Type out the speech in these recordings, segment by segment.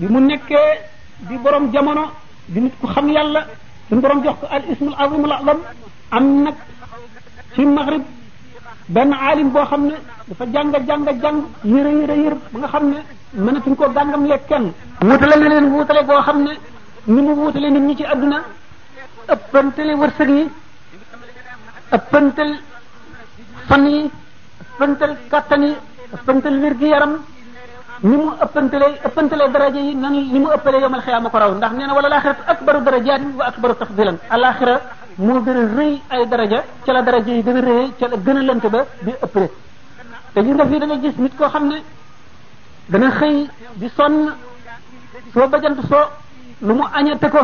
bi mu nekkee di borom jamono di nit ku xam yàlla suñu borom jox ko al ismul azimul azam am nag ci maghrib benn aalim boo xam ne dafa jàng jàng jàng yër a yër a yër nga xam ne mënatuñ koo gàngam lekk kenn wutale na leen wutale boo xam ne ni mu wutale nit ñi ci adduna ëppantale wërsëg yi ëppantal fan yi ëppantal kattan yi ëppantal wér gi yaram ni mu ëppantalee ëppantalee daraja yi nan li mu ëppalee yomal xiyaama ko raw ndax nee na wala laaxiratu akbaru darajaatin wa akbaru tafdilan alaxira moo gën a rëy ay daraja ca la daraja yi gën a rëyee ca la gën a lënt ba di ëppale te gis nga fii gis nit koo xam dana xëy di sonn soo bajant soo lu mu añate ko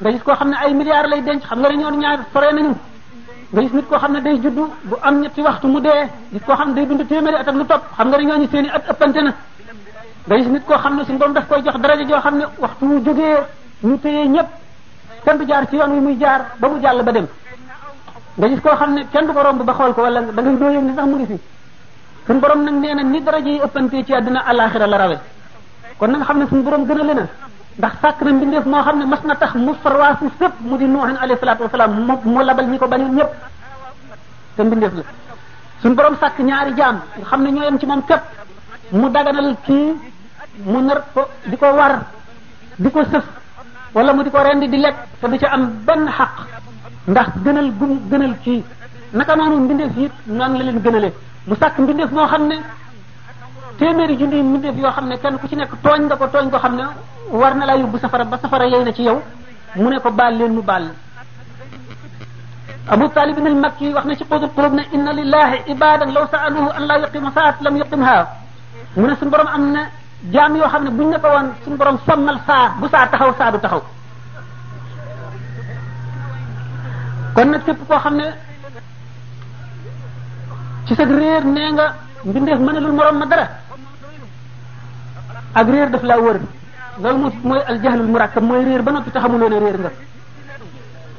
nga gis koo xam ay milliards lay denc xam nga ne ñaar sore nañu nga gis nit koo xam day juddu bu am ñetti waxtu mu dee gis koo xam day dund téeméeri at ak lu topp xam nga ne ñooñu seen at ëppante na nga gis nit koo xam ne suñu borom daf koy jox daraja joo xam ne waxtu mu jógee ñu téye ñëpp kenn du jaar ci yoon wi muy jaar ba mu jàll ba dem nga gis koo xam ne kenn du ko romb ba xool ko wala da ngay doo yëg ni sax mu ngi fi suñu borom nag nee na ni daraja yi ëppantee ci àddina la rawe kon na nga xam ne suñu borom gën a lena ndax sàkk na mbindeef moo xam ne mas na tax mu farwaasu sëpp mu di nuuxin alayhi salaatu wasalaam mu mu labal ñi ko bañul ñëpp te mbindeef la suñu borom sàkk ñaari jaam xam ne ñoo yem ci moom képp mu daganal kii mu nar ko di ko war di ko sëf wala mu di ko rendi di lekk te du ci am benn xaq ndax gënal gum gënal kii naka noonu mbindeef yit noonu la leen gënale mu sàkk mbindeef moo xam ne téeméeri junni mbindeef yoo xam ne kenn ku ci nekk tooñ nga ko tooñ ko xam ne war na laa yóbbu safara ba safara yey na ci yow mu ne ko baal leen mu baal Abu Talib ibn al-Makki wax na ci Qudul Qulub ne inna lillahi ibadan law sa'aluhu an la yuqima saat lam yuqimha mu ne suñu borom am na jaam yoo xam ne buñ ne ko woon suñu borom sonnal saa bu saa taxaw saa du taxaw kon nag képp koo xam ne ci sa réer nee nga mbindeef mënalul morom ma dara ak réer daf laa wër loolu moo mooy aljahlul murakkab mooy réer ba noppi taxamuloo ne réer nga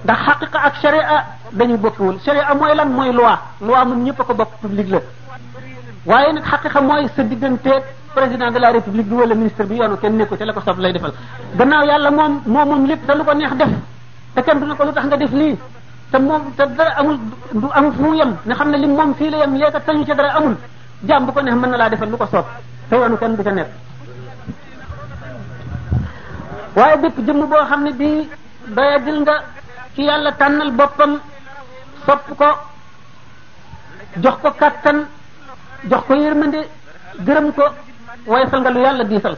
ndax xaqiqa ak sharia dañu bokkiwul sharia mooy lan mooy loi loi moom ñëpp a ko bokk public la waaye nag xaqiqa mooy sa digganteeg président de la république bi wala ministre bi yoonu kenn nekku ci la ko sob lay defal gannaaw yàlla moom moom moom lépp da lu ko neex def te kenn du ne ko lu tax nga def lii te moom te dara amul du am fu mu yem nga xam ne li moom fii la yem léegi tañu ci dara amul jaam bu ko neex mën na laa defal lu ko sopp te yoonu kenn du ca nekk waaye bépp jëmm boo xam ne bii daya dil nga ci yàlla tànnal boppam sopp ko jox ko kattan jox ko yërmande gërëm ko woyfal nga lu yàlla diisal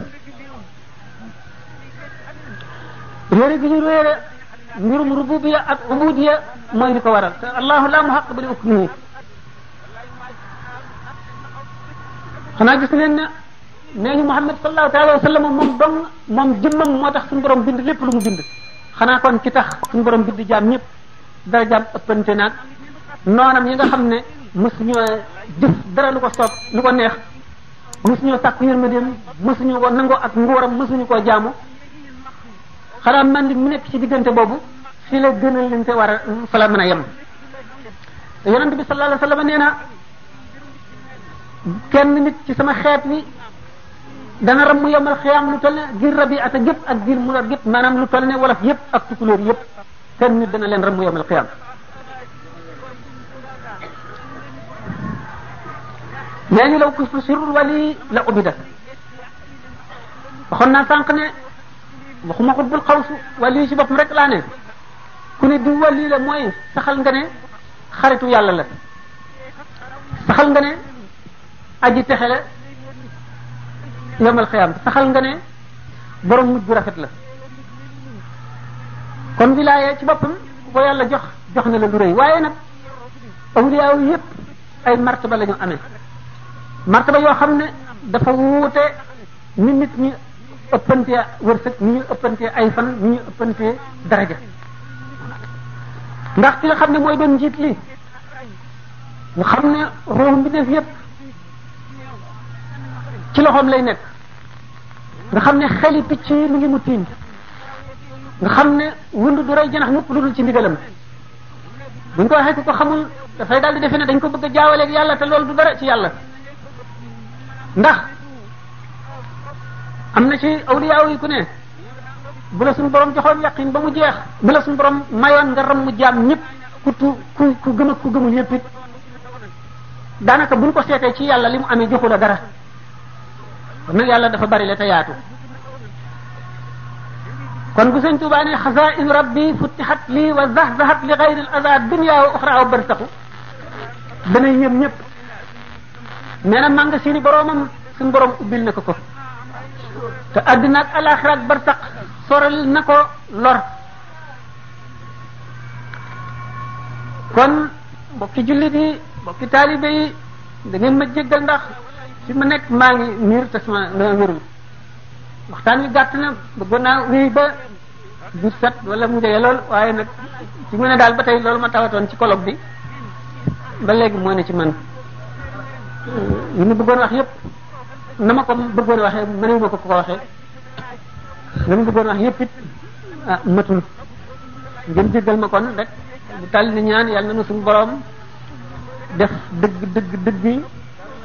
réere gi ñu réere mbirum rububiya ak ubudiya mooy li waral te la muhaq bi li ukmihi xanaa gis ngeen ne nee ñu Muhammad sallallahu taala wa moo tax suñu borom bind lépp lu mu bind xanaa kon ci tax suñu borom bind jaam ñëpp dara jaam ëppante naag noonam yi nga xam ne mosu ñu jëf dara lu soob lu ko neex mësuñoo sàkku yërmandeem mësuñu ko nangoo ak nguuram mësuñu koo jaamu xanaa man di mu nekk ci diggante boobu fii la gënal leen te war a fa la mën a yem yonent bi sallallahu alayhi na kenn nit ci sama xeet wi dana ram mu yomal xiyaam lu toll ne giir rabi ata gépp ak giir mular gépp maanaam lu toll ne wolof yëpp ak tukulóor yëpp kenn nit dana leen ram mu yomal xiyaam nee ñu law kustu sirrul wali la ubida waxoon naa sànq ne waxuma xutbul xawsu wali ci boppam rek laa ne ku ne du wali la mooy saxal nga ne xaritu yàlla la saxal nga ne aji texe la yomal xiyaam saxal nga ne borom mujj bu rafet la kon wilaaya ci boppam ko yàlla jox jox na la lu rëy waaye nag awliyaaw yépp ay martaba la ñu amee martaba yoo xam ne dafa wuute ni nit ñi ëppantee wërsëg ni ñu ëppantee ay fan ni ñu ëppantee daraja ndax ki nga xam ne mooy doon njiit li nga xam ne room bi def yépp ci loxoom lay nekk nga xam ne xeli picc yi mu ngi mu tiim nga xam ne wund du rey janax mukk lu dul ci ndigalam buñ ko waxee ku ko xamul dafay daal di defe ne dañ ko bëgg a jaawaleeg yàlla te loolu du dara ci yàlla ndax am na ci awliyaaw yi ku ne bu la suñu borom joxoon yaqin ba mu jeex bu la suñu borom mayoon nga ram mu jaam ñëpp ku tu ku ku gëm ak ku gëmul ñëpp it daanaka buñ ko seetee ci yàlla li mu amee joxu la dara kon nag yàlla dafa bari la te yaatu kon bu sëñ tuubaa ne xasain rabbi futtihat li wa zahzahat li gayri al ada dunya wa uxra wa barsaxu danay ñëm ñëpp nee na magasin yi boromam suñu borom ubbil na ko ko te àddina ak alaxira ak barsaq soral na ko lor kon mbokki jullit yi mbokki taalibe yi da ngeen ma jéggal ndax fi ma nekk maa ngi miir te sama wérul waxtaan wi gàtt na bëggoon naa wéy ba biir set wala mu njëge lool waaye nag ci mu ne daal ba tey loolu ma tawatoon ci colloque bi ba léegi moo ne ci man li mu bëggoon wax yëpp na ma ko bëggoon waxee mënewu ma ko ko waxee la mu bëggoon wax yëpp it ah matul ngeen ma kon rek bu tàll ni ñaan yàlla na suñu borom def dëgg dëgg dëgg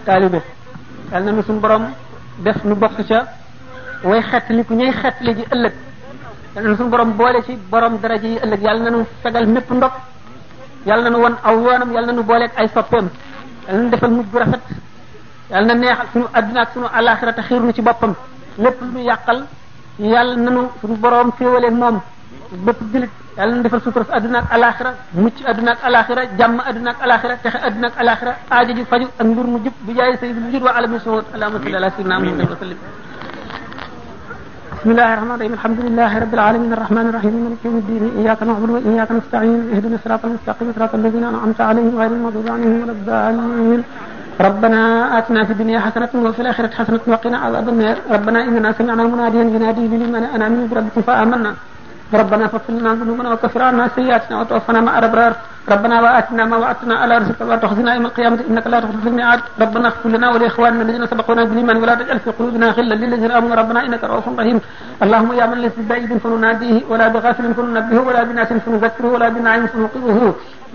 taalibe suñu borom def nu bokk ca way xettali ku ñuy xettali ji ëllëg yàlla na suñu borom boole ci borom dara ji ëllëg yàlla na nu fegal mépp ndox yàlla na nu won aw yoonam yàlla na nu booleeg ay soppeem yàlla na defal mujj bu rafet yàlla na neexal suñu àddina ak suñu alaxira te xiir nu ci boppam lépp lu ñu yàqal yàlla nanu borom boroom féewaleeg moom bépp jullit yàlla na defal sutura si àddina ak alaxira mucc àddina ak alaxira jàmm àddina ak alaxira texe àddina ak alaxira aajo ji faju ak mbir mu jub bi jaay sayyidul wujud wa alamin sallallahu alayhi wa بسم الله الرحمن الرحيم الحمد لله رب العالمين الرحمن الرحيم مالك يوم الدين اياك نعبد واياك نستعين اهدنا الصراط المستقيم صراط الذين انعمت عليهم غير المغضوب عليهم ولا الضالين ربنا آتنا في الدنيا حسنة وفي الآخرة حسنة وقنا عذاب النار ربنا إننا سمعنا مناديا ينادي لمن أنا من بربكم فآمنا ربنا فاغفر لنا ذنوبنا وكفر عنا سيئاتنا وتوفنا مع الابرار ربنا واتنا ما وعدتنا على رزقك ولا تخزنا يوم القيامه انك لا تخلف الميعاد ربنا اغفر لنا ولاخواننا الذين سبقونا بالايمان ولا تجعل في قلوبنا غلا للذين امنوا ربنا انك رؤوف رحيم اللهم يا من ليس ببعيد فنناديه ولا بغافل فننبهه ولا بناس فنذكره ولا بنعيم فنوقظه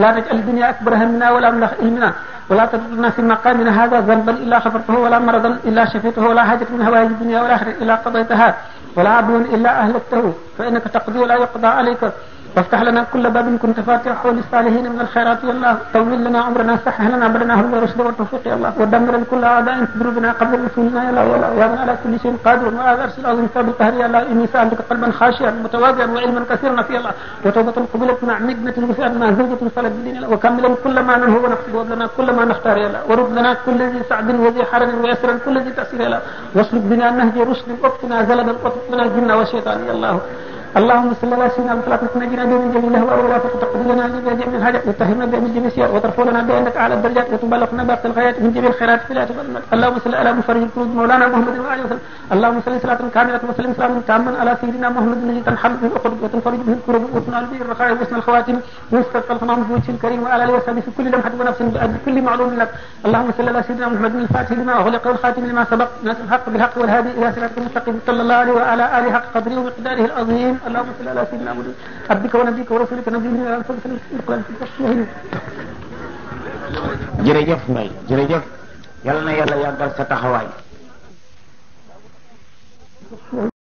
لا تجعل الدنيا اكبر همنا ولا مبلغ علمنا ولا تدرنا في مقامنا هذا ذنبا الا خفرته ولا مرضا الا شفيته ولا حاجه من هواه الدنيا والاخره الا قضيتها ولا عبد إلا أهل التوبة فإنك تقضي لا يقضى عليك وافتح لنا كل باب كنت فاتحه للصالحين من الخيرات يا الله طول لنا عمرنا صحح لنا بلنا هدى رشد وتوفيق يا الله ودمر كل اعداء تدر قبل رسولنا يا الله ولا من على كل شيء قادر ما ارسل عظيم ثابت القهر يا الله اني سالتك قلبا خاشعا متواضعا وعلما كثيرا في الله وتوبه قبلت مع نجمه رفعت مع زوجه صلت بدين وكمل كل ما ننهو ونقصد لنا كل ما نختار يا الله ورد لنا كل ذي سعد وذي حرم ويسرا كل ذي تاسير يا الله واسلك بنا نهج رشد واقتنا زلدا واطلق بنا الجن والشيطان يا الله اللهم صل على سيدنا محمد ولا تنجنا به من جميع الله ولا تقضي لنا به جميع الحاجات وتهمنا به من جميع السيئات وترفع لنا بعندك الدرجات وتبلغنا باقي الغايات من جميع الخيرات فلا تبلغنا اللهم صل على مفرج الكروب مولانا محمد وعلى وسلم اللهم صل صلاه كامله وسلم سلاما تاما على سيدنا محمد الذي تنحل به الاقرب وتنفرج به الكروب وتنال به الرخاء وحسن الخواتم ويستلقى الخمام بوجه الكريم وعلى اله وصحبه في كل لمحه ونفس بكل معلوم لك اللهم صل على سيدنا محمد الفاتح لما اغلق والخاتم لما سبق ناصر الحق بالحق والهادي الى صراطك المستقيم صلى الله عليه وعلى اله حق قدره ومقداره العظيم اللهم صل على سيدنا محمد عبدك ونبيك ورسولك نبينا على صلى الله عليه وسلم jërëjëf ماي jërëjëf yal يلا yàlla yàggal sa taxawaay